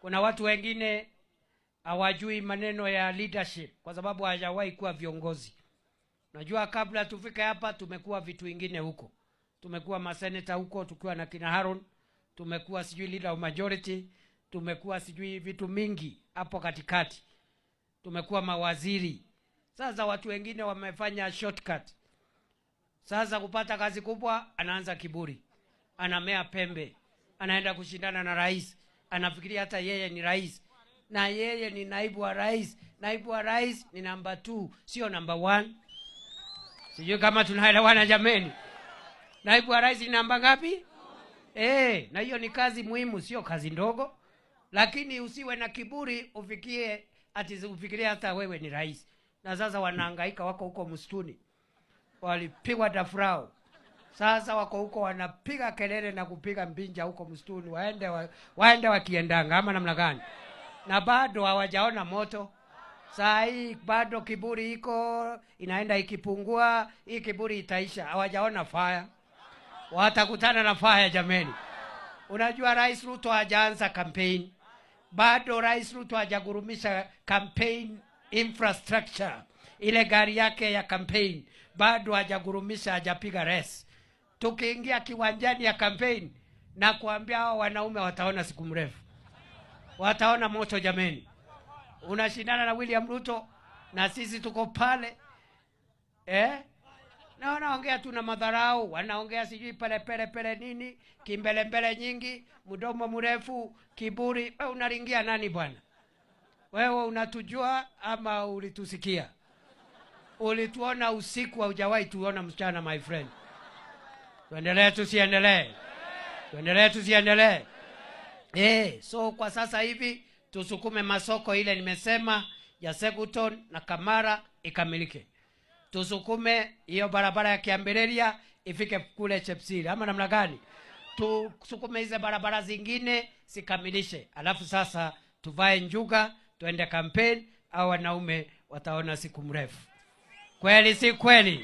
Kuna watu wengine hawajui maneno ya leadership kwa sababu hawajawahi kuwa viongozi. Najua kabla tufike hapa tumekuwa vitu ingine huko, tumekuwa maseneta huko tukiwa na kina Haron, tumekuwa sijui leader of majority, tumekuwa sijui vitu mingi hapo katikati, tumekuwa mawaziri. Sasa watu wengine wamefanya shortcut. Sasa kupata kazi kubwa, anaanza kiburi, anamea pembe, anaenda kushindana na rais anafikiria hata yeye ni rais na yeye ni naibu wa rais naibu wa rais ni namba t sio namba one sijui kama tunaelewana jameni naibu wa rais ni namba ngapi e, na hiyo ni kazi muhimu sio kazi ndogo lakini usiwe na kiburi ufikie ati ufikirie hata wewe ni rais na sasa wanaangaika wako huko msituni walipigwa tafurao sasa wako huko wanapiga kelele na kupiga mbinja huko msituni, waende wa, waende wakiendanga ama namna gani? Na bado hawajaona moto. Saa hii bado kiburi iko inaenda ikipungua, hii kiburi itaisha. Hawajaona faya, watakutana na faya jameni. Unajua Rais Ruto hajaanza campaign bado, Rais Ruto hajagurumisha campaign infrastructure, ile gari yake ya campaign bado hajagurumisha, hajapiga race tukiingia kiwanjani ya kampeni na kuambia hao wanaume wataona siku mrefu, wataona moto. Jameni, unashindana na William Ruto na sisi tuko pale eh? na wanaongea tu na madharau, wanaongea sijui pelepele pele nini, kimbelembele nyingi, mdomo mrefu, kiburi. Wewe unaringia nani bwana? Wewe unatujua ama ulitusikia? Ulituona usiku, haujawahi tuona msichana, my friend tuendelee tusiendelee tuendelee tusiendelee hey, eh, so kwa sasa hivi tusukume masoko ile nimesema ya Seguton na Kamara ikamilike, tusukume hiyo barabara ya Kiambereria ifike kule Chepsiri, ama namna gani? Tusukume hizo barabara zingine zikamilishe, alafu sasa tuvae njuga tuende kampeni, au wanaume wataona siku mrefu. Kweli si kweli?